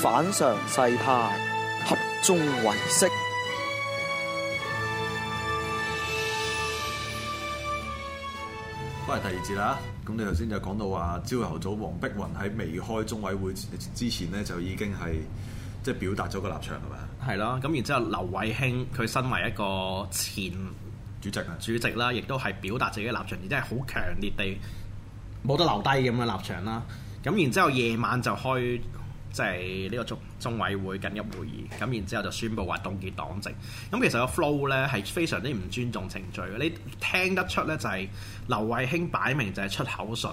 反常世態，合眾唯識。翻嚟第二節啦，咁你頭先就講到話，朝頭早黃碧雲喺未開中委會之前呢，就已經係即係表達咗個立場係嘛？係啦，咁然之後劉慧卿佢身為一個前主席，主席啊，主席啦，亦都係表達自己嘅立場，而即係好強烈地冇得留低咁嘅立場啦。咁然之後夜晚就開。即係呢個中中委會緊急會議，咁然後之後就宣布話凍結黨籍。咁其實個 flow 咧係非常之唔尊重程序嘅，你聽得出咧就係、是、劉慧卿擺明就係出口術。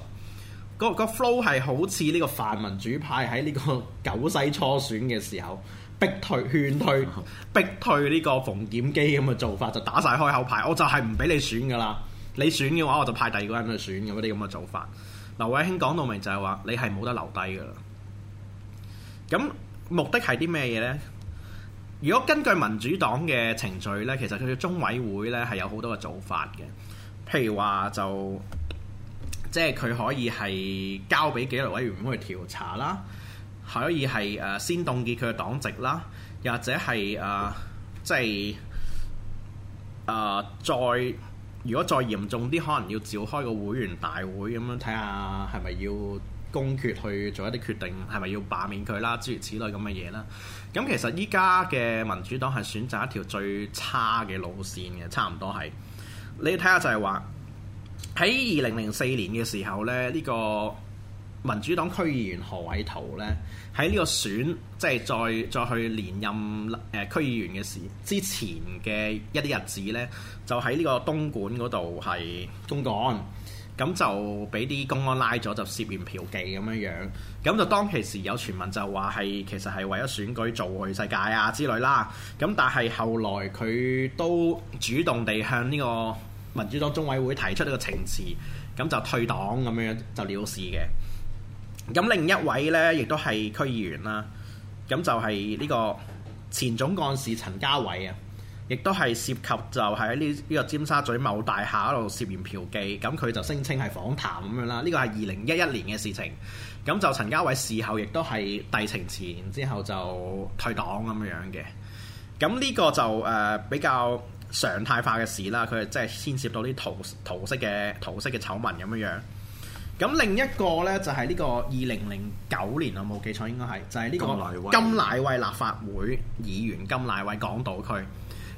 個 flow 係好似呢個泛民主派喺呢個九西初選嘅時候逼退、勸退、逼退呢個馮檢基咁嘅做法，就打晒開口牌，我就係唔俾你選噶啦。你選嘅話，我就派第二個人去選咁啲咁嘅做法。劉慧卿講到明就係、是、話，你係冇得留低噶啦。咁目的係啲咩嘢呢？如果根據民主黨嘅程序呢，其實佢嘅中委會呢係有好多嘅做法嘅，譬如話就即係佢可以係交俾紀律委員會去調查啦，可以係誒、呃、先凍結佢嘅黨籍啦，又或者係誒、呃、即係、呃、再如果再嚴重啲，可能要召開個會員大會咁樣睇下係咪要。公決去做一啲決定，係咪要罷免佢啦？諸如此類咁嘅嘢啦。咁其實依家嘅民主黨係選擇一條最差嘅路線嘅，差唔多係。你睇下就係話，喺二零零四年嘅時候咧，呢個民主黨區議員何偉途咧，喺呢個選即係再再去連任誒區議員嘅時之前嘅一啲日子咧，就喺呢個東莞嗰度係東港。咁就俾啲公安拉咗，就涉嫌嫖妓咁樣樣。咁就當其時有傳聞就話係其實係為咗選舉做去世界啊之類啦。咁但係後來佢都主動地向呢個民主黨中委會提出呢個請辭，咁就退黨咁樣樣就了事嘅。咁另一位呢，亦都係區議員啦。咁就係呢個前總幹事陳家偉啊。亦都係涉及就係喺呢呢個尖沙咀某大廈度涉嫌嫖妓，咁佢就聲稱係訪談咁樣啦。呢個係二零一一年嘅事情。咁就陳家偉事後亦都係遞請辭然之後就退黨咁樣嘅。咁呢個就誒、呃、比較常態化嘅事啦。佢係即係牽涉到啲桃桃色嘅桃色嘅醜聞咁樣樣。咁另一個呢，就係、是、呢個二零零九年啊，我冇記錯應該係就係、是、呢個甘乃威立法會議員甘乃威港島區。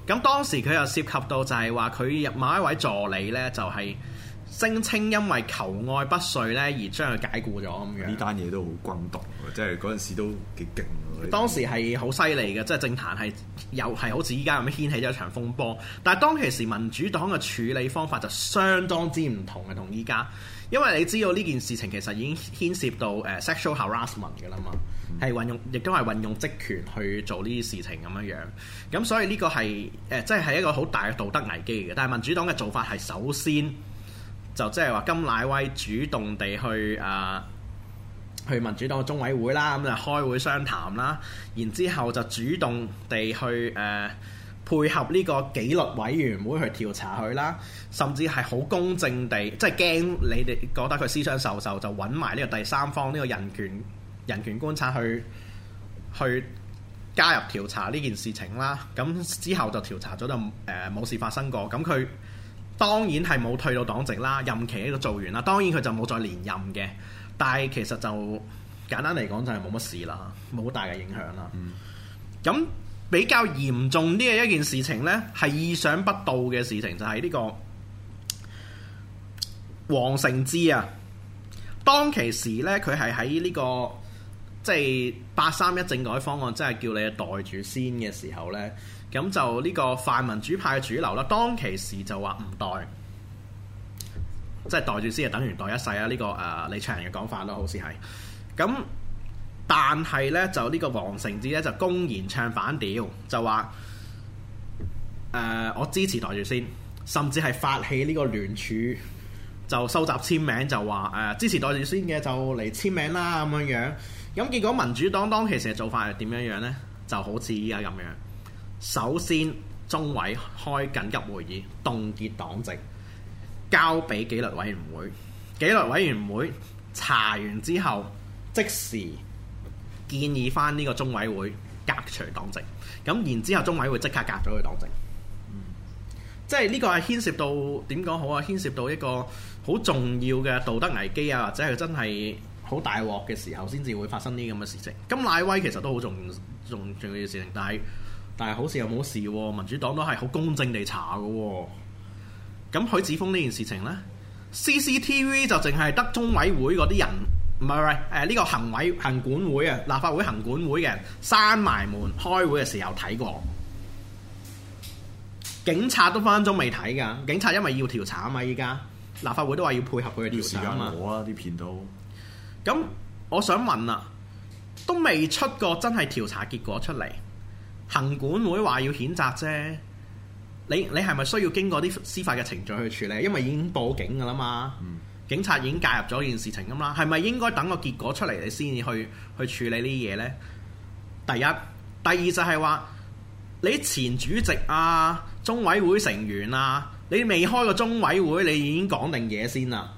咁當時佢又涉及到就係話佢某一位助理呢就係聲稱因為求愛不遂呢而將佢解僱咗咁樣。呢單嘢都好轟動，即係嗰陣時都幾勁。當時係好犀利嘅，即係政壇係又係好似依家咁掀起咗一場風波。但係當其時民主黨嘅處理方法就相當之唔同嘅，同依家。因為你知道呢件事情其實已經牽涉到誒、uh, sexual harassment 嘅啦嘛，係、嗯、運用亦都係運用職權去做呢啲事情咁樣樣，咁所以呢個係誒即係一個好大嘅道德危機嘅。但係民主黨嘅做法係首先就即係話金乃威主動地去啊、呃、去民主黨嘅中委會啦，咁就開會商談啦，然之後就主動地去誒，呃配合呢個紀律委員會去調查佢啦，甚至係好公正地，即係驚你哋覺得佢思想受受，就揾埋呢個第三方呢個人權人權觀察去去加入調查呢件事情啦。咁之後就調查咗就誒冇事發生過。咁佢當然係冇退到黨籍啦，任期呢個做完啦。當然佢就冇再連任嘅。但係其實就簡單嚟講就係冇乜事啦，冇大嘅影響啦。咁、嗯比較嚴重呢，一件事情呢，係意想不到嘅事情，就係、是、呢個黃成智啊。當其時呢，佢係喺呢個即係八三一政改方案，即、就、係、是、叫你袋住先嘅時候呢，咁就呢個泛民主派嘅主流啦。當其時就話唔袋，即係袋住先，係等於袋一世啊！呢、這個誒、呃，李卓人嘅講法咯、啊，好似係咁。但係呢，就個王呢個黃成智咧，就公然唱反調，就話誒、呃、我支持代住先，甚至係發起呢個聯署，就收集簽名，就話誒、呃、支持代住先嘅就嚟簽名啦，咁樣樣。咁結果民主黨當其時嘅做法係點樣樣呢？就好似依家咁樣，首先中委開緊急會議，凍結黨籍，交俾紀律委員會。紀律委員會查完之後，即時。建議翻呢個中委會革除黨籍，咁然之後中委會即刻革咗佢黨籍，嗯、即係呢個係牽涉到點講好啊？牽涉到一個好重要嘅道德危機啊，或者係真係好大鑊嘅時候，先至會發生呢咁嘅事情。咁賴威其實都好重重重要嘅事情，但係但係好事又冇事喎、啊，民主黨都係好公正地查嘅喎、啊。咁許子峰呢件事情呢 CCTV 就淨係得中委會嗰啲人。唔係，唔係，誒、呢、呃這個行委行管會啊，立法會行管會嘅人閂埋門，開會嘅時候睇過，警察都翻咗未睇噶，警察因為要調查啊嘛，依家立法會都話要配合佢嘅調查啊嘛，啲片都。咁我想問啊，都未出過真係調查結果出嚟，行管會話要譴責啫，你你係咪需要經過啲司法嘅程序去處理？因為已經報警噶啦嘛。嗯警察已經介入咗件事情咁嘛，係咪應該等個結果出嚟你先至去去處理呢啲嘢呢？第一、第二就係話你前主席啊、中委會成員啊，你未開個中委會，你已經講定嘢先啦。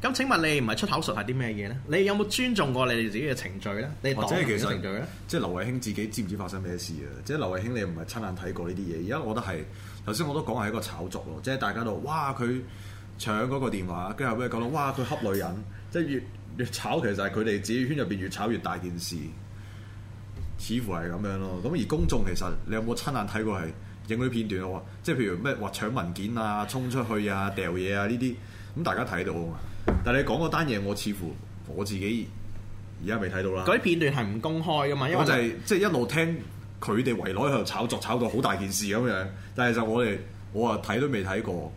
咁請問你唔係出口術係啲咩嘢呢？你有冇尊重過你哋自己嘅程序咧？你黨嘅程序呢？即係劉慧卿自己知唔知發生咩事啊？即係劉慧卿你唔係親眼睇過呢啲嘢，而家我覺得係頭先我都講係一個炒作咯，即係大家都哇佢。搶嗰個電話，跟住後尾講到哇，佢恰女人，即係越越炒，其實係佢哋自己圈入邊越炒越大件事，似乎係咁樣咯。咁而公眾其實你有冇親眼睇過係影嗰啲片段啊？即係譬如咩話搶文件啊、衝出去啊、掉嘢啊呢啲，咁大家睇到啊嘛。但係你講嗰單嘢，我似乎我自己而家未睇到啦。嗰啲片段係唔公開噶嘛？因為我，我就係、是、即係一路聽佢哋圍攞喺度炒作，炒到好大件事咁樣。但係就我哋我啊睇都未睇過。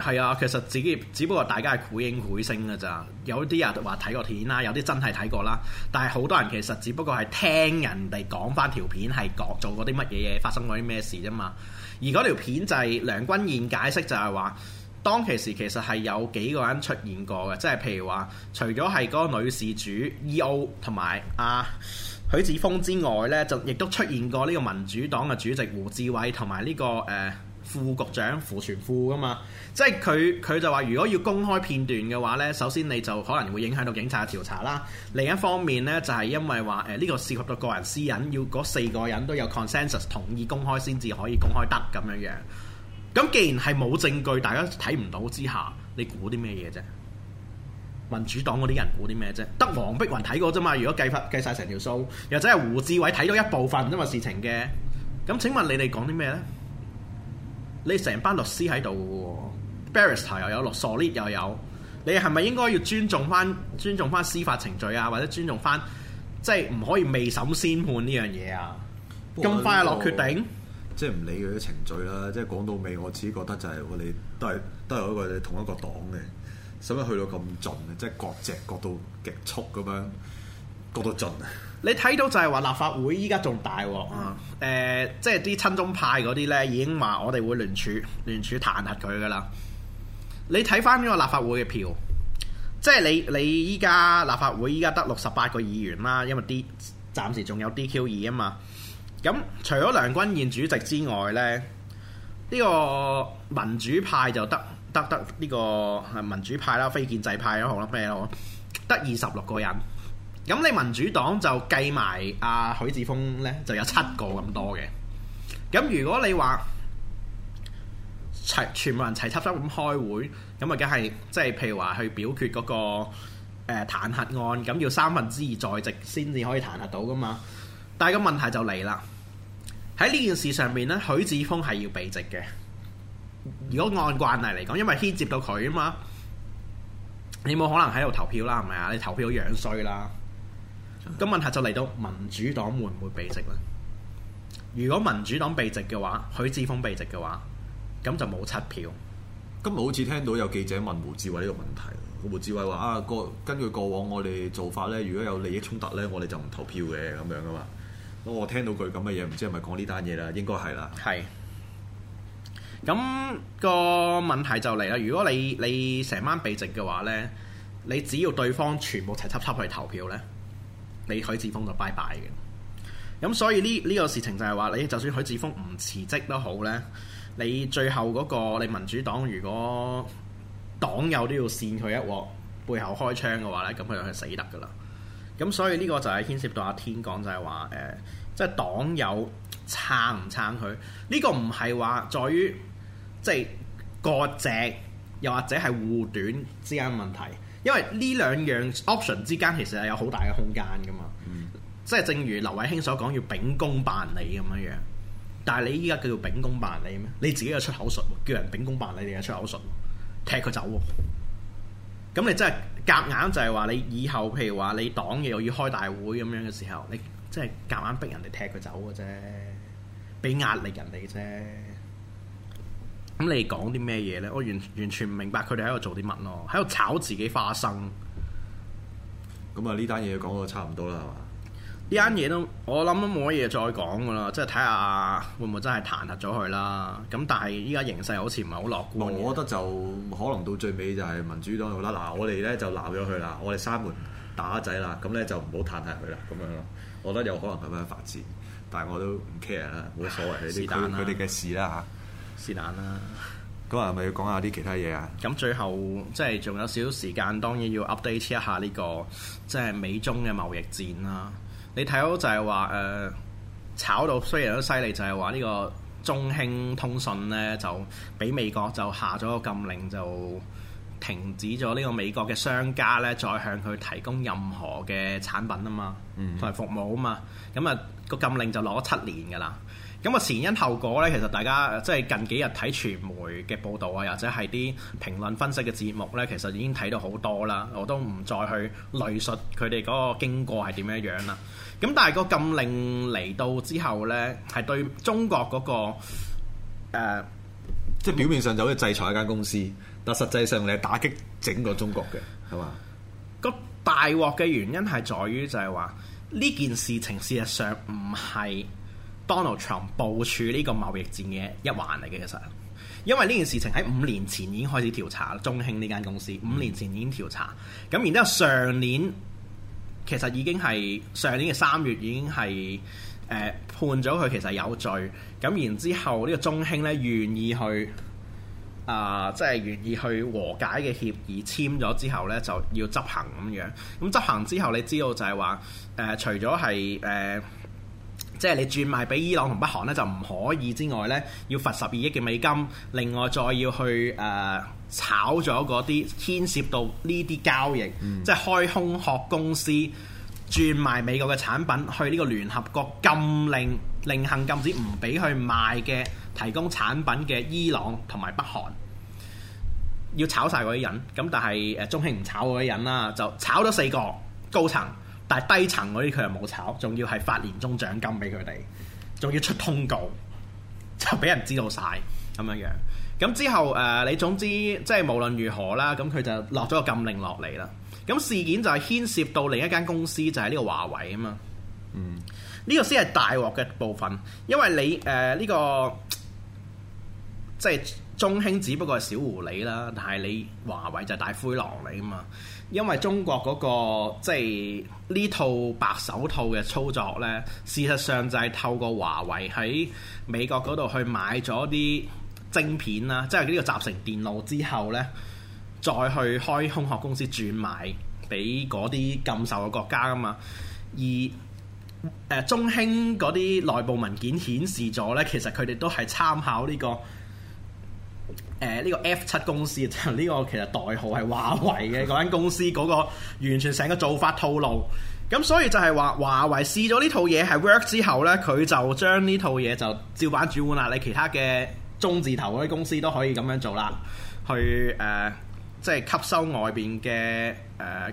係啊，其實自己只不過大家係繪影繪聲嘅咋，有啲人話睇過片啦，有啲真係睇過啦，但係好多人其實只不過係聽人哋講翻條片係各做過啲乜嘢嘢，發生過啲咩事啫嘛。而嗰條片就係梁君彥解釋就係話，當其時其實係有幾個人出現過嘅，即係譬如話，除咗係嗰個女事主 E.O. 同埋阿、啊、許智峯之外呢，就亦都出現過呢個民主黨嘅主席胡志偉同埋呢個誒。呃副局長副船富噶嘛，即係佢佢就話：如果要公開片段嘅話呢，首先你就可能會影響到警察調查啦。另一方面呢，就係、是、因為話誒呢個涉及到個人私隱，要嗰四個人都有 consensus 同意公開先至可以公開得咁樣樣。咁既然係冇證據，大家睇唔到之下，你估啲咩嘢啫？民主黨嗰啲人估啲咩啫？得黃碧雲睇過啫嘛。如果計翻計曬成條數，又真係胡志偉睇到一部分啫嘛事情嘅。咁請問你哋講啲咩呢？你成班律師喺度 barrister 又有落 solicitor 又有，你係咪應該要尊重翻、尊重翻司法程序啊？或者尊重翻，即係唔可以未審先判呢樣嘢啊？咁我認 快落決定，即係唔理佢啲程序啦。即係講到尾，我自己覺得就係你都係都係一個同一個黨嘅，使乜去到咁盡咧？即係角隻角到極速咁樣，角到盡啊！嗯 你睇到就係話立法會依家仲大喎、啊，誒、呃，即係啲親中派嗰啲呢已經話我哋會聯署聯署彈劾佢㗎喇。你睇返呢個立法會嘅票，即係你你依家立法會依家得六十八個議員啦，因為啲暫時仲有 DQ 二啊嘛。咁除咗梁君彥主席之外呢，呢、這個民主派就得得得呢、這個民主派啦，非建制派咯，好啦，咩咯，得二十六個人。咁你民主黨就計埋阿許智峰呢，就有七個咁多嘅。咁如果你話齊全部人齊七濕濕咁開會，咁啊梗係即係譬如話去表決嗰個誒彈劾案，咁要三分之二在席先至可以彈劾到㗎嘛。但係個問題就嚟啦，喺呢件事上面呢，許智峰係要避席嘅。如果按慣例嚟講，因為牽涉到佢啊嘛，你冇可能喺度投票啦，係咪啊？你投票樣衰啦～ 咁問題就嚟到民主黨會唔會避席咧？如果民主黨避席嘅話，許智峰避席嘅話，咁就冇七票。今日好似聽到有記者問胡志偉呢個問題，胡志偉話：啊過根據過往我哋做法呢，如果有利益衝突呢，我哋就唔投票嘅咁樣啊嘛。咁我聽到佢咁嘅嘢，唔知係咪講呢單嘢啦？應該係啦。係咁、嗰個問題就嚟啦。如果你你成班避席嘅話呢，你只要對方全部齊插插去投票呢。你許智峰就拜拜嘅，咁、嗯、所以呢呢、這個事情就係話，你就算許智峰唔辭職都好呢，你最後嗰、那個你民主黨如果黨友都要扇佢一鑊背後開槍嘅話呢，咁佢就係死得噶啦。咁、嗯、所以呢個就係牽涉到阿天講就係話，誒、呃，即係黨友撐唔撐佢？呢、這個唔係話在於即係割席又或者係護短之間問題。因為呢兩樣 option 之間其實係有好大嘅空間噶嘛，嗯、即係正如劉偉卿所講要秉公辦理咁樣樣，但係你依家叫做秉公辦理咩？你自己有出口術喎，叫人秉公辦理你有出口術，踢佢走喎、啊。咁你真係夾硬就係話你以後譬如話你黨嘢又要開大會咁樣嘅時候，你即係夾硬，硬逼人哋踢佢走嘅啫，俾壓力人哋啫。咁你講啲咩嘢咧？我完完全唔明白佢哋喺度做啲乜咯，喺度炒自己花生。咁啊、嗯，呢單嘢講到差唔多啦，係嘛、嗯？呢單嘢都我諗都冇乜嘢再講噶啦，即係睇下會唔會真係彈劾咗佢啦。咁但係依家形勢好似唔係好樂觀。我覺得就可能到最尾就係民主黨度啦。嗱，我哋咧就鬧咗佢啦，我哋閂門打仔啦，咁咧就唔好彈劾佢啦。咁樣咯，我覺得有可能咁樣發展，但係我都唔 care 啦，冇所謂呢單佢哋嘅事啦嚇。嗯。是但啦，咁啊，係咪要講下啲其他嘢啊？咁最後即係仲有少少時間，當然要 update 一下呢、呢個即係美中嘅貿易戰啦。你睇到就係話誒炒到雖然都犀利，就係話呢個中興通訊呢，就俾美國就下咗個禁令，就停止咗呢個美國嘅商家呢，再向佢提供任何嘅產品啊嘛，同埋、嗯、哼服務啊嘛。咁、那、啊個禁令就攞咗七年㗎啦。咁啊，前因後果咧，其實大家即係近幾日睇傳媒嘅報導啊，或者係啲評論分析嘅節目咧，其實已經睇到好多啦。我都唔再去累述佢哋嗰個經過係點樣樣啦。咁但係個禁令嚟到之後呢，係對中國嗰、那個、呃、即係表面上就好似制裁一間公司，但實際上你係打擊整個中國嘅，係嘛？個大鑊嘅原因係在於就係話呢件事情事實上唔係。Donald Trump 部署呢個貿易戰嘅一環嚟嘅，其實，因為呢件事情喺五年前已經開始調查中興呢間公司。五年前已經調查，咁、嗯、然之後上年其實已經係上年嘅三月已經係誒、呃、判咗佢其實有罪，咁然之後呢個中興呢願意去啊，即、呃、係、就是、願意去和解嘅協議簽咗之後呢，就要執行咁樣，咁執行之後你知道就係話誒，除咗係誒。呃即係你轉賣俾伊朗同北韓咧就唔可以之外咧，要罰十二億嘅美金，另外再要去誒、呃、炒咗嗰啲牽涉到呢啲交易，嗯、即係開空殼公司轉賣美國嘅產品去呢個聯合國禁令，令行禁止唔俾佢賣嘅提供產品嘅伊朗同埋北韓，要炒晒嗰啲人。咁但係誒中興唔炒嗰啲人啦，就炒咗四個高層。但係低層嗰啲佢又冇炒，仲要係發年終獎金俾佢哋，仲要出通告就俾人知道晒，咁樣樣。咁之後誒、呃，你總之即係無論如何啦，咁佢就落咗個禁令落嚟啦。咁事件就係牽涉到另一間公司就係、是、呢個華為啊嘛。嗯，呢個先係大鑊嘅部分，因為你誒呢、呃這個即係中興，只不過係小狐狸啦，但係你華為就係大灰狼嚟啊嘛。因為中國嗰個即係呢套白手套嘅操作呢，事實上就係透過華為喺美國嗰度去買咗啲晶片啦，即係呢個集成電路之後呢，再去開空殼公司轉賣俾嗰啲禁售嘅國家噶嘛。而、呃、中興嗰啲內部文件顯示咗呢，其實佢哋都係參考呢個。誒，呢、呃這個 F 七公司，呢、這個其實代號係華為嘅嗰間公司，嗰 個完全成個做法套路。咁所以就係話，華為試咗呢套嘢係 work 之後呢，佢就將呢套嘢就照板煮碗啦。你其他嘅中字頭嗰啲公司都可以咁樣做啦，去誒。呃即係吸收外邊嘅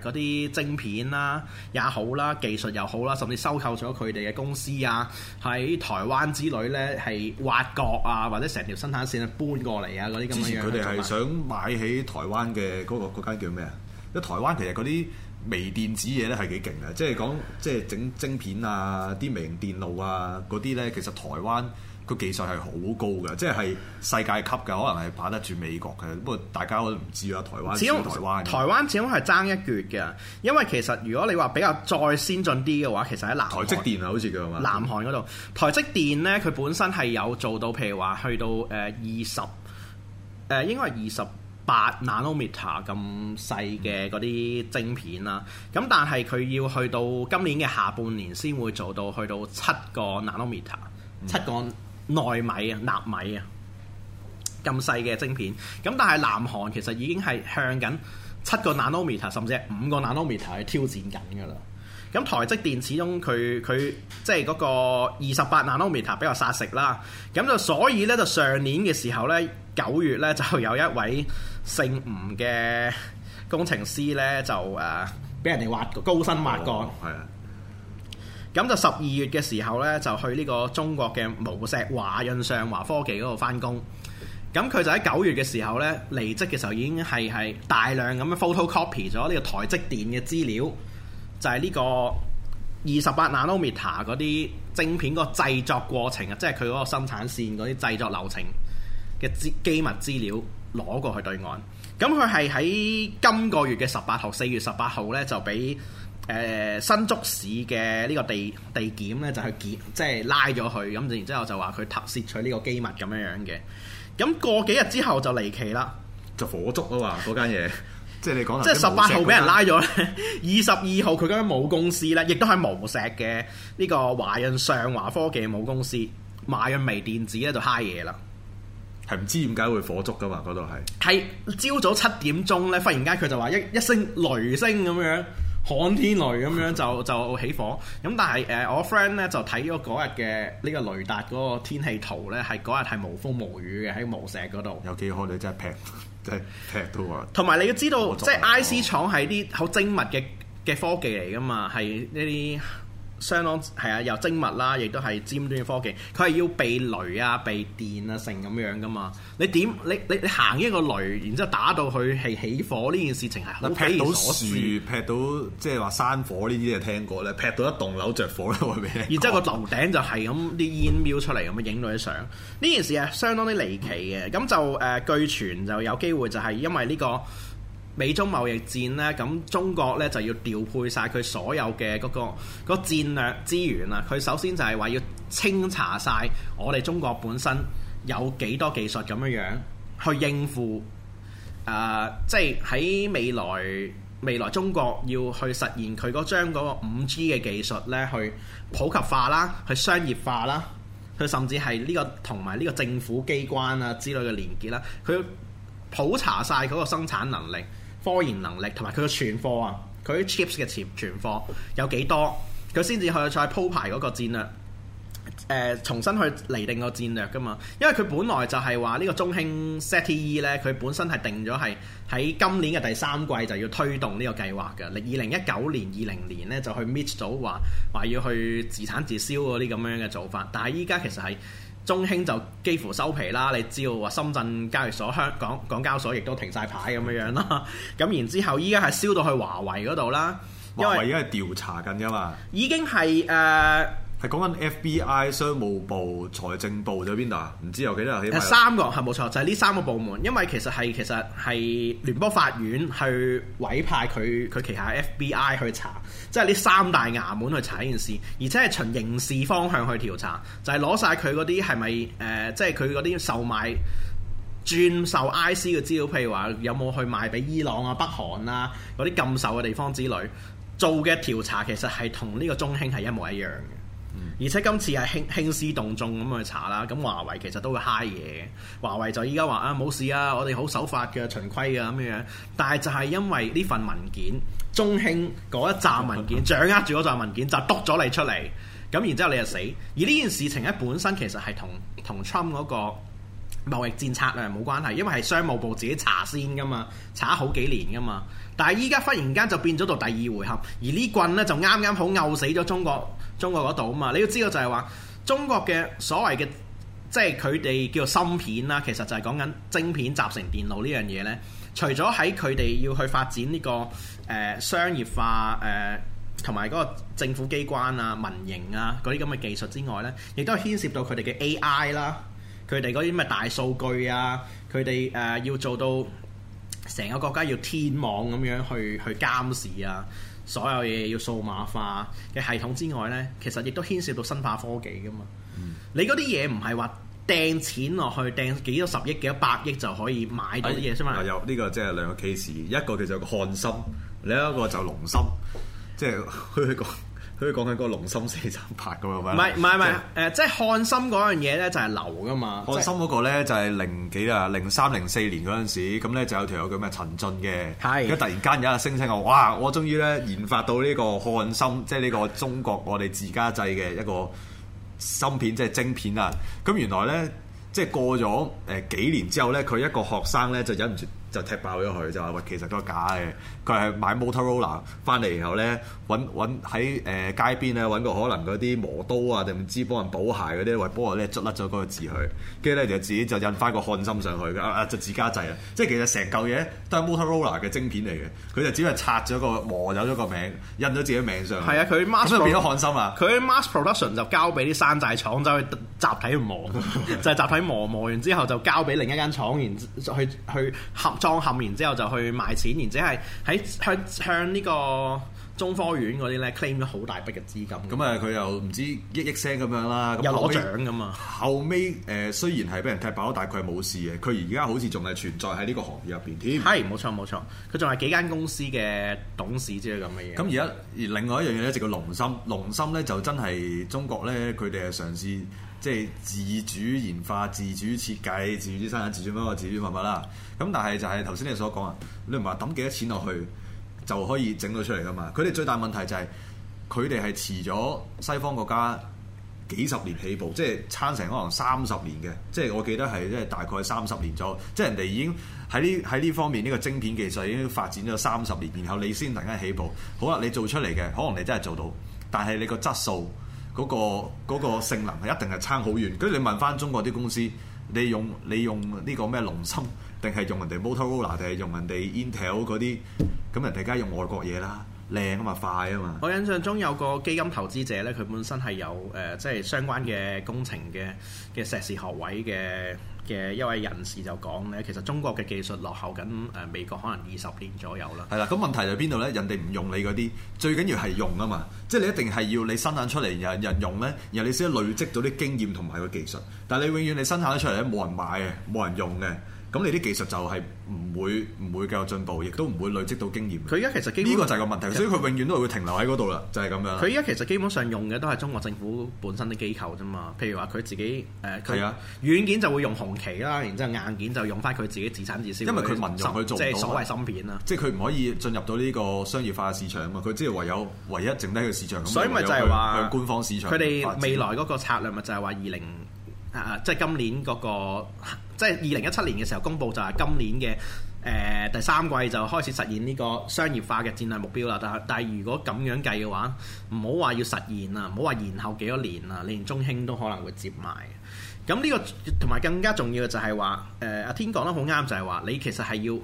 誒嗰啲晶片啦、啊，也好啦，技術又好啦，甚至收購咗佢哋嘅公司啊，喺台灣之旅呢，係挖角啊，或者成條生產線搬過嚟啊嗰啲咁樣樣。之前佢哋係想買起台灣嘅嗰、嗰個嗰間叫咩啊？因為台灣其實嗰啲微電子嘢呢係幾勁嘅，即係講即係整晶片啊、啲微型電路啊嗰啲呢，其實台灣。個技術係好高㗎，即係世界級㗎，嗯、可能係打得住美國嘅。嗯、不過大家都唔知啊，台灣，台，灣台灣始終台灣，台灣始終係爭一橛嘅。因為其實如果你話比較再先進啲嘅話，其實喺南台積電啊，好似叫南韓嗰度台積電呢，佢本身係有做到，譬如話去到誒二十誒，應該係二十八 nanometer 咁細嘅嗰啲晶片啦。咁、嗯、但係佢要去到今年嘅下半年先會做到去到七個 nanometer，七個。嗯奈米啊，納米啊，咁細嘅晶片，咁但係南韓其實已經係向緊七個 nanometer，甚至係五個 nanometer 去挑戰緊㗎啦。咁台積電始終佢佢即係嗰個二十八 nanometer 比較殺食啦。咁就所以咧，就上年嘅時候咧，九月咧就有一位姓吳嘅工程師咧就誒俾、呃、人哋挖高薪挖過。哦。咁就十二月嘅時候呢，就去呢個中國嘅無錫華潤上華科技嗰度翻工。咁佢就喺九月嘅時候呢，離職嘅時候已經係係大量咁樣 photocopy 咗呢個台積電嘅資料，就係、是、呢個二十八 nanometer 嗰啲晶片個製作過程啊，即係佢嗰個生產線嗰啲製作流程嘅資機密資料攞過去對岸。咁佢係喺今個月嘅十八號，四月十八號呢，就俾。誒、呃、新竹市嘅呢個地地檢咧，就去檢即係拉咗佢，咁然之後就話佢竊取呢個機密咁樣樣嘅。咁過幾日之後就離奇啦，就火燭啊嘛！嗰間嘢即係你講，即係十八號俾人拉咗，二十二號佢間母公司啦，亦都喺無錫嘅呢、這個華潤上華科技母公司，華潤微電子咧就嗨嘢啦，係唔知點解會火燭噶嘛？嗰度係係朝早七點鐘咧，忽然間佢就話一一聲雷聲咁樣。旱天雷咁樣就就起火，咁、嗯、但係誒、呃、我 friend 咧就睇咗嗰日嘅呢個雷達嗰個天氣圖咧，係嗰日係無風無雨嘅喺無錫嗰度。有幾可你真係劈，真係劈到啊！同埋你要知道，即係 IC 廠係啲好精密嘅嘅科技嚟㗎嘛，係呢啲。相當係啊，有精密啦，亦都係尖端嘅科技。佢係要避雷啊、避電啊，成咁樣噶嘛。你點你你你行一個雷，然之後打到佢係起火呢件事情係好匪夷所思。劈到樹劈到即係話山火呢啲係聽過咧，劈到一棟樓着火咧，外邊然之後個樓頂就係咁啲煙飆出嚟咁樣影到啲相。呢件事係相當啲離奇嘅，咁就誒、呃、據傳就有機會就係因為呢、這個。美中貿易戰呢，咁中國呢，就要調配晒佢所有嘅嗰、嗰個、嗰個戰略資源啦。佢首先就係話要清查晒我哋中國本身有幾多技術咁樣樣去應付誒，即係喺未來未來中國要去實現佢嗰張嗰個五 G 嘅技術呢，去普及化啦，去商業化啦，佢甚至係呢、呢個同埋呢個政府機關啊之類嘅連結啦，佢要普查晒嗰個生產能力。科研能力同埋佢個存貨啊，佢啲 chips 嘅存存貨有幾多，佢先至去再鋪排嗰個戰略。誒、呃，重新去釐定個戰略噶嘛，因為佢本來就係話呢個中興 ZTE 咧，佢本身係定咗係喺今年嘅第三季就要推動呢個計劃嘅。二零一九年、二零年咧就去 meet 到話話要去自產自銷嗰啲咁樣嘅做法，但係依家其實係。中興就幾乎收皮啦，你知道話深圳交易所、香港港交所亦都停晒牌咁樣樣啦，咁然之後依家係燒到去華為嗰度啦，華為因為而家係調查緊㗎嘛，已經係誒。呃係講緊 FBI、商務部、財政部，仲有邊度啊？唔知有幾多人起？誒，三個係冇錯，就係呢三個部門。因為其實係其實係聯邦法院去委派佢佢旗下 FBI 去查，即係呢三大衙門去查呢件事，而且係循刑事方向去調查，就係攞晒佢嗰啲係咪誒，即係佢嗰啲售賣轉售 IC 嘅資料，譬如話有冇去賣俾伊朗啊、北韓啊嗰啲禁售嘅地方之類，做嘅調查其實係同呢個中興係一模一樣嘅。而且今次係興興師動眾咁去查啦，咁華為其實都會 high 嘢。華為就依家話啊，冇事啊，我哋好守法嘅、循規嘅咁樣。但係就係因為呢份文件，中興嗰一站文件 掌握住嗰站文件就督咗你出嚟，咁然之後你就死。而呢件事情咧本身其實係同同 Trump 嗰個貿易戰策略冇關係，因為係商務部自己先查先噶嘛，查好幾年噶嘛。但係依家忽然間就變咗到第二回合，而呢棍呢就啱啱好拗死咗中國。中國嗰度啊嘛，你要知道就係話中國嘅所謂嘅即係佢哋叫做芯片啦，其實就係講緊晶片集成電腦呢樣嘢呢。除咗喺佢哋要去發展呢個誒，呃，商業化誒同埋嗰個政府機關啊、民營啊嗰啲咁嘅技術之外呢，亦都牽涉到佢哋嘅 AI 啦，佢哋嗰啲咁嘅大數據啊，佢哋誒要做到成個國家要天網咁樣去去監視啊。所有嘢要數碼化嘅系統之外咧，其實亦都牽涉到生化科技噶嘛。嗯、你嗰啲嘢唔係話掟錢落去掟幾多十億幾多百億就可以買到啲嘢啫嘛。哎、以有呢、呢個即係兩個 case，一個其實個漢芯，嗯、另一個就龍芯，即係去去講。就是 佢講緊嗰個龍芯四三八噶喎，唔係唔係唔係，誒、就是呃，即係漢芯嗰樣嘢咧就係流噶嘛。漢芯嗰個咧就係零幾啊，零三零四年嗰陣時，咁咧就有條友叫咩陳進嘅，而家突然間有一個是有一聲稱我，哇！我終於咧研發到呢個漢芯，即係呢個中國我哋自家製嘅一個芯片，即係晶片啊！咁原來咧，即係過咗誒幾年之後咧，佢一個學生咧就忍唔住。就踢爆咗佢，就話喂，其實佢假嘅，佢係買 Motorola 翻嚟，然後咧揾揾喺誒街邊咧揾個可能嗰啲磨刀啊定唔知幫人補鞋嗰啲，為幫人咧捽甩咗嗰個字佢，跟住咧就自己就印翻個漢芯上去嘅，啊就、啊啊、自家製啦，即係其實成嚿嘢都係 Motorola 嘅晶片嚟嘅，佢就只係拆咗個磨走咗個名，印咗自己名上。係啊，佢 Mass，所以變咗漢芯啊。佢 Mass Production 就交俾啲山寨廠走去集體磨， 就係集體磨磨完之後就交俾另一間廠，然後去去，去合。裝冚完之後就去賣錢，或者係喺向向呢個中科院嗰啲咧 claim 咗好大筆嘅資金，嗯。咁啊，佢又唔知億億聲咁樣啦。又攞獎咁啊！後尾誒、呃、雖然係俾人踢爆但係佢冇事嘅。佢而家好似仲係存在喺呢個行業入邊添。係冇錯冇錯，佢仲係幾間公司嘅董事之類咁嘅嘢。咁而家而另外一樣嘢咧，就叫龍芯。龍芯咧就真係中國咧，佢哋係嘗試。即係自主研發、自主設計、自主生產、自主乜個、自主物物啦。咁但係就係頭先你所講啊，你唔係話抌幾多錢落去就可以整到出嚟㗎嘛？佢哋最大問題就係佢哋係遲咗西方國家幾十年起步，即係爭成可能三十年嘅，即係我記得係即係大概三十年左右。即係人哋已經喺呢喺呢方面呢、呢個晶片技術已經發展咗三十年，然後你先突然間起步。好啦，你做出嚟嘅可能你真係做到，但係你個質素。嗰個嗰個性能係一定係差好遠，跟住你問翻中國啲公司，你用你用呢個咩龍芯，定係用人哋 Motorola，定係用人哋 Intel 嗰啲，咁人哋梗係用外國嘢啦，靚啊嘛，快啊嘛。我印象中有個基金投資者咧，佢本身係有誒、呃，即係相關嘅工程嘅嘅碩士學位嘅。嘅一位人士就講咧，其實中國嘅技術落後緊誒美國可能二十年左右啦。係啦，咁問題就係邊度呢？人哋唔用你嗰啲，最緊要係用啊嘛，即係你一定係要你生產出嚟人人用呢，然後你先累積到啲經驗同埋個技術。但係你永遠你生產得出嚟咧，冇人買嘅，冇人用嘅。咁你啲技術就係唔會唔會繼續進步，亦都唔會累積到經驗。佢而家其實基本呢個就係個問題，所以佢永遠都係會停留喺嗰度啦，就係、是、咁樣。佢而家其實基本上用嘅都係中國政府本身嘅機構啫嘛，譬如話佢自己佢誒、呃、軟件就會用紅旗啦，然之後硬件就用翻佢自己自產自銷。因為佢民用去做即係所謂芯片啦。即係佢唔可以進入到呢個商業化嘅市場啊嘛，佢只係唯有唯一剩低嘅市場。所以咪就係話官方市場。佢哋未來嗰個策略咪就係話二零。啊！即係今年嗰個，即係二零一七年嘅時候公佈，就係今年嘅誒第三季就開始實現呢個商業化嘅戰略目標啦。但係，但係如果咁樣計嘅話，唔好話要實現啊，唔好話延後幾多年啊，你連中興都可能會接埋。咁呢個同埋更加重要嘅就係話，誒阿天講得好啱，就係話你其實係要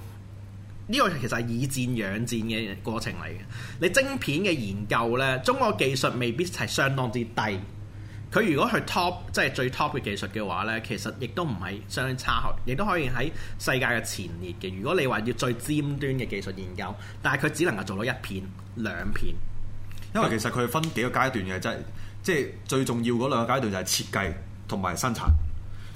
呢個其實係以戰養戰嘅過程嚟嘅。你晶片嘅研究呢，中國技術未必係相當之低。佢如果去 top 即係最 top 嘅技術嘅話呢，其實亦都唔係相差學，亦都可以喺世界嘅前列嘅。如果你話要最尖端嘅技術研究，但係佢只能夠做到一片兩片。因為其實佢分幾個階段嘅，即係即係最重要嗰兩個階段就係設計同埋生產。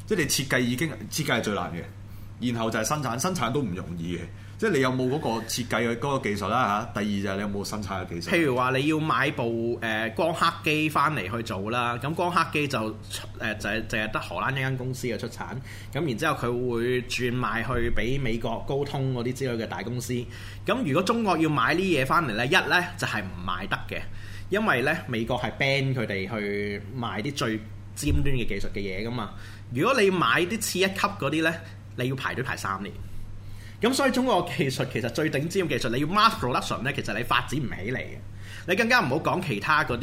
即、就、係、是、你設計已經設計係最難嘅，然後就係生產，生產都唔容易嘅。即係你有冇嗰個設計嘅嗰個技術啦嚇？第二就係你有冇生產嘅技術？譬如話你要買部誒光刻機翻嚟去做啦，咁光刻機就誒就係淨係得荷蘭一間公司嘅出產，咁然之後佢會轉賣去俾美國高通嗰啲之類嘅大公司。咁如果中國要買啲嘢翻嚟咧，一咧就係唔買得嘅，因為咧美國係 ban 佢哋去賣啲最尖端嘅技術嘅嘢噶嘛。如果你買啲次一級嗰啲咧，你要排隊排三年。咁所以中國技術其實最頂尖嘅技術，你要 mass production 咧，其實你發展唔起嚟嘅。你更加唔好講其他嗰啲誒，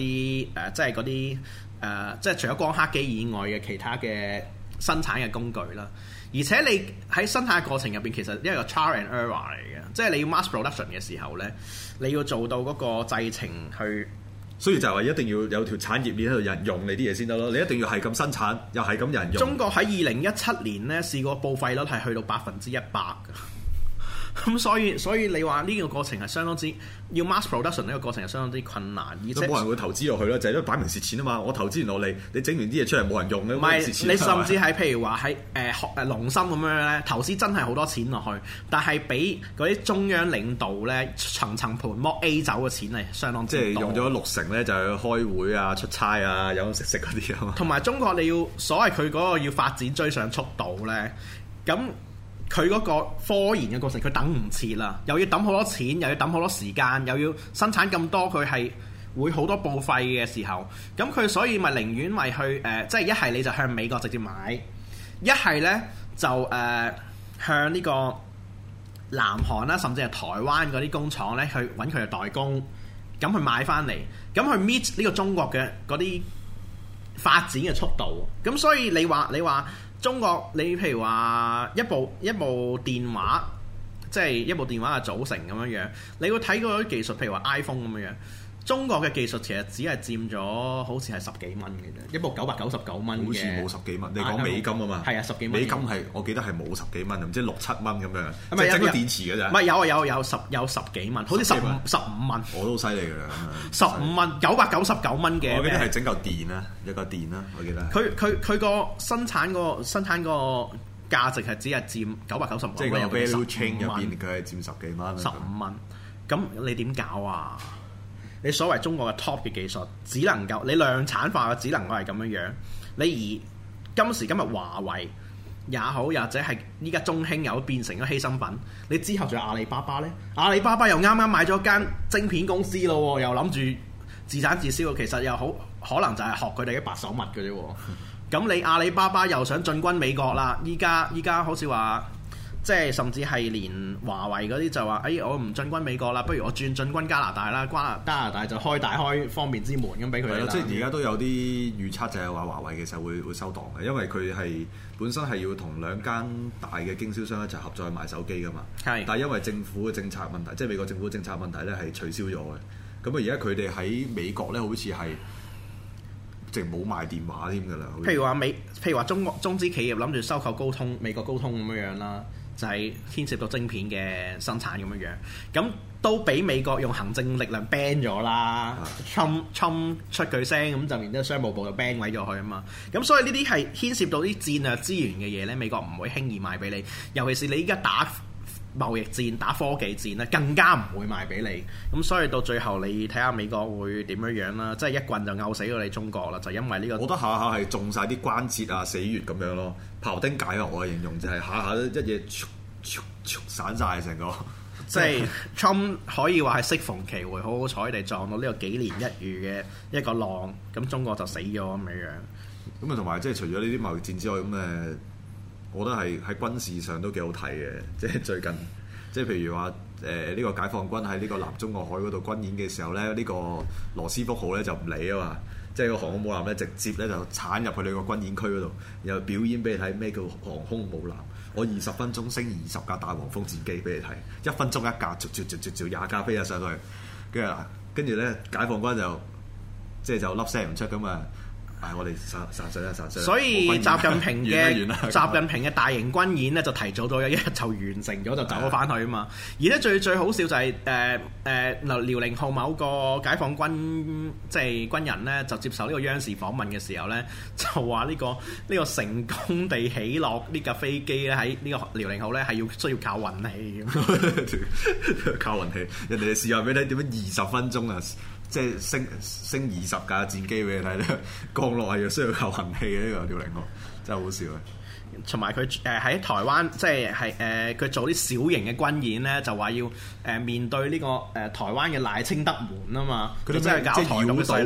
即係嗰啲誒，即係除咗光刻機以外嘅其他嘅生產嘅工具啦。而且你喺生產過程入邊，其實因為個 trial and error 嚟嘅，即係你要 mass production 嘅時候咧，你要做到嗰個製程去。所以就係話一定要有條產業鏈喺度人用你啲嘢先得咯。你一定要係咁生產，又係咁人用。中國喺二零一七年咧，試過報廢率係去到百分之一百。咁、嗯、所以所以你話呢個過程係相當之要 mass production 呢個過程係相當之困難，而冇人會投資落去咯，就係、因為、都擺明蝕錢啊嘛！我投資完落嚟，你整完啲嘢出嚟冇人用是你甚至係 譬如話喺誒、龍芯咁樣咧，投資真係好多錢落去，但係俾嗰啲中央領導咧層層盤剝 A 走嘅錢嚟，相當之即係用咗六成咧就去開會啊、出差啊、飲食食嗰啲啊嘛。同埋中國你要所謂佢嗰個要發展追上速度咧，咁。佢嗰個科研嘅過程，佢等唔切啦，又要揼好多錢，又要揼好多時間，又要生產咁多，佢係會好多報廢嘅時候。咁佢所以咪寧願咪去誒，即係一係你就向美國直接買，一係呢就誒、呃、向呢個南韓啦，甚至係台灣嗰啲工廠呢，去揾佢嘅代工，咁去買翻嚟，咁去 meet 呢個中國嘅嗰啲發展嘅速度。咁所以你話，你話？中國，你譬如話一部一部電話，即係一部電話嘅組成咁樣樣，你會睇過啲技術，譬如話 iPhone 咁樣樣。中國嘅技術其實只係佔咗好似係十幾蚊嘅啫，一部九百九十九蚊好似冇十幾蚊。你講美金啊嘛？係啊、嗯，十幾蚊。美金係我記得係冇十幾蚊，唔知六七蚊咁樣。是即係整個電池嘅咋？唔係有啊有有十有十幾蚊，好似十十五蚊。我都犀利㗎啦！十五蚊九百九十九蚊嘅，我記得係整嚿電啊，一嚿電啊。我記得。佢佢佢個生產嗰個生產嗰個價值係只係佔九百九十九，即係有 value chain 入邊，佢係元佔十幾蚊。十五蚊，咁你點搞啊？你所謂中國嘅 top 嘅技術，只能夠你量產化嘅，只能夠係咁樣樣。你而今時今日，華為也好，或者係依家中興又變成咗犧牲品。你之後仲有阿里巴巴呢？阿里巴巴又啱啱買咗間晶片公司咯，又諗住自產自銷。其實又好可能就係學佢哋啲白手物嘅啫。咁 你阿里巴巴又想進軍美國啦？依家依家好似話。即係甚至係連華為嗰啲就話，哎，我唔進軍美國啦，不如我轉進軍加拿大啦。加加拿大就開大開方便之門咁俾佢咯。即係而家都有啲預測就係話華為其實會會收檔嘅，因為佢係本身係要同兩間大嘅經銷商一齊合作去賣手機噶嘛。係的，但係因為政府嘅政策問題，即係美國政府嘅政策問題咧係取消咗嘅。咁啊，而家佢哋喺美國咧好似係淨冇賣電話添㗎啦。譬如話美，譬如話中國中資企業諗住收購高通、美國高通咁樣樣啦。就係牽涉到晶片嘅生產咁樣樣，咁都俾美國用行政力量 ban 咗啦，沖沖、啊、出佢聲咁就連啲商務部就 ban 位咗佢啊嘛，咁所以呢啲係牽涉到啲戰略資源嘅嘢呢，美國唔會輕易賣俾你，尤其是你依家打貿易戰、打科技戰咧，更加唔會賣俾你。咁所以到最後你睇下美國會點樣樣啦，即係一棍就咬死咗你中國啦，就因為呢個。我都下下係中晒啲關節啊、死穴咁樣咯。庖丁解牛嘅形容就係、是、下下都一嘢散晒，成個，個即係是沖 可以話係適逢其會，好好彩地撞到呢個幾年一遇嘅一個浪，咁中國就死咗咁嘅樣。咁啊，同埋即係除咗呢啲貿易戰之外，咁誒，我覺得係喺軍事上都幾好睇嘅，即係 最近，即係譬如話誒呢個解放軍喺呢個南中國海嗰度軍演嘅時候咧，呢、這個羅斯福號咧就唔理啊嘛。即係個航空母艦咧，直接咧就鏟入去你個軍演區嗰度，然後表演俾你睇咩叫航空母艦。我二十分鐘升二十架大黃蜂戰機俾你睇，一分鐘一架，逐逐逐逐逐廿架飛咗上去。跟住嗱，跟住咧解放軍就即係就粒聲唔出咁啊！係、哎，我哋殺殺死啦，殺死！殺殺殺，所以習近平嘅習近平嘅大型軍演咧，就提早咗一日就完成咗，就走咗翻去啊嘛。哎、呀 而咧最最好笑就係誒誒，嗱、呃呃、遼寧號某個解放軍即係軍人咧，就接受呢個央視訪問嘅時候咧，就話呢、呢個呢、呢個成功地起落呢架飛機咧，喺呢個遼寧號咧係要需要靠運氣， 靠運氣，人哋試下俾你點樣二十分鐘啊！即係升升二十架戰機俾你睇咧， 降落係要需要靠運氣嘅呢、呢個調零號，真係好笑啊！同埋佢誒喺台灣，即係係誒佢做啲小型嘅軍演咧，就話要誒面對呢個誒台灣嘅賴清德門啊嘛，佢即係即係繞島，即係繞島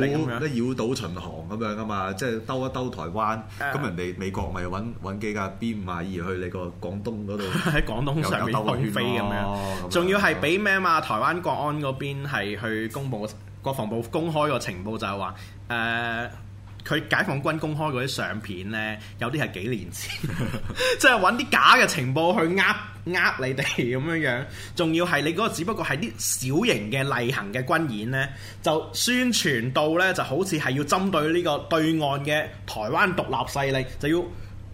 巡航咁樣啊嘛，即係兜一兜台灣，咁、呃、人哋美國咪揾揾幾架 B 五啊二去你個廣東嗰度，喺、呃、廣東上邊飛飛咁樣，仲要係俾咩啊嘛？台灣國安嗰邊係去公布國防部公開個情報就，就係話誒。佢解放軍公開嗰啲相片呢，有啲係幾年前呵呵，即係揾啲假嘅情報去呃呃你哋咁樣樣，仲要係你嗰個，只不過係啲小型嘅例行嘅軍演呢，就宣傳到呢，就好似係要針對呢個對岸嘅台灣獨立勢力，就要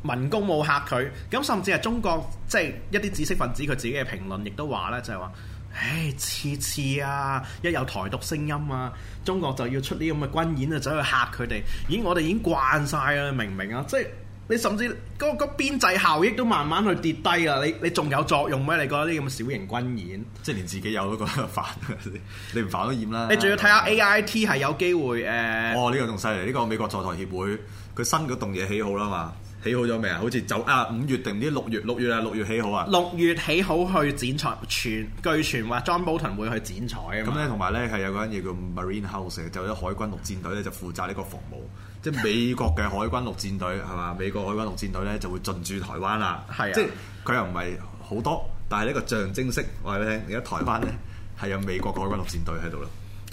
文攻武嚇佢。咁甚至係中國即係、就是、一啲知識分子佢自己嘅評論，亦都話呢，就係、是、話。唉，次、hey, 次啊，一有台獨聲音啊，中國就要出啲咁嘅軍演啊，走去嚇佢哋。已經我哋已經慣晒啦，明唔明啊？即係你甚至嗰嗰邊際效益都慢慢去跌低啊！你你仲有作用咩？你覺得啲咁嘅小型軍演，即係連自己有都覺得煩， 你唔煩都厭啦。你仲要睇下 A I T 係有機會誒？哦，呢、呢個仲犀利！呢、呢個美國在台協會，佢新嗰棟嘢起好啦嘛。起好咗未啊？好似就啊，五月定唔知六月？六月啊，六月起好啊。六月起好去剪彩，全據傳話 John Bolton 會去剪彩啊。咁咧，同埋咧係有嗰樣嘢叫 Marine House，就啲海軍陸戰隊咧就負責呢個防務，即係美國嘅海軍陸戰隊係嘛？美國海軍陸戰隊咧就會進駐台灣啦。係啊，即係佢又唔係好多，但係呢個象徵式，我話你聽而家台灣咧係有美國海軍陸戰隊喺度啦。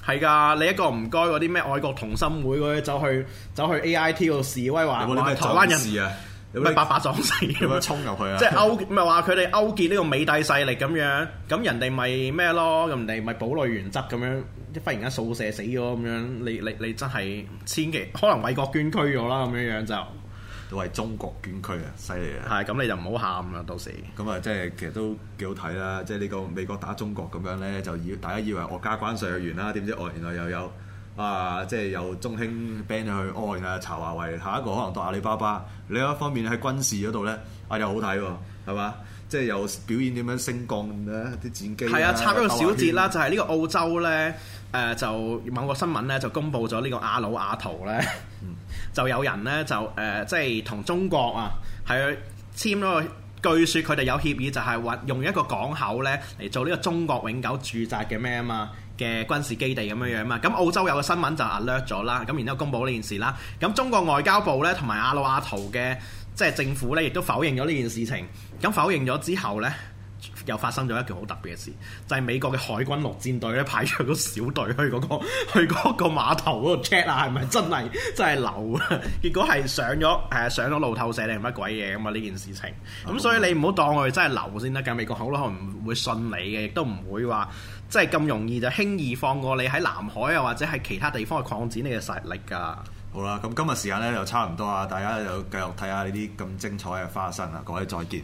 係噶，你一個唔該嗰啲咩愛國同心會嗰啲走去走去 A I T 嗰度示威，話、啊、台灣人士啊，咩八八壯士咁樣衝入去啊，即係勾咪話佢哋勾結呢個美帝勢力咁樣，咁人哋咪咩咯，人哋咪堡壘原則咁樣，即忽然間掃射死咗咁樣，你你你，你真係千祈，可能為國捐軀咗啦咁樣樣就。為中國捐軀啊，犀利啊！係咁，你就唔好喊啦，到時。咁啊，即係其實都幾好睇啦！即係呢個美國打中國咁樣咧，就以大家以為我加關稅嘅完啦，點知我原來又有啊！即、就、係、是、有中興 ban d 去，哦，然後查華為，下一個可能到阿里巴巴。另一方面喺軍事嗰度咧，啊又好睇喎，係嘛、嗯？即係有表演點樣升降咁樣，啲戰機、啊。係啊，插一個小節啦，就係呢個澳洲咧，誒、呃、就某個新聞咧就公佈咗呢個阿魯阿圖咧，嗯、就有人咧就誒即係同中國啊，係簽咗個據說佢哋有協議，就係運用一個港口咧嚟做呢個中國永久駐紮嘅咩啊嘛嘅軍事基地咁樣樣啊嘛。咁澳洲有個新聞就 alert 咗啦，咁然之後公佈呢件事啦。咁中國外交部咧同埋阿魯阿圖嘅。即係政府咧，亦都否認咗呢件事情。咁否認咗之後呢，又發生咗一件好特別嘅事，就係、是、美國嘅海軍陸戰隊咧，派咗個小隊去嗰、那個去嗰個碼頭嗰度 check 啊，係咪真係真係流啊？ 結果係上咗係上咗路透社定乜鬼嘢咁啊！呢件事情咁，所以你唔好當我哋真係流先得㗎。美國好可能唔會信你嘅，亦都唔會話即係咁容易就輕易放過你喺南海又或者係其他地方去擴展你嘅實力㗎。好啦，咁今日時間咧就差唔多啊，大家就繼續睇下呢啲咁精彩嘅花生啦，各位再見。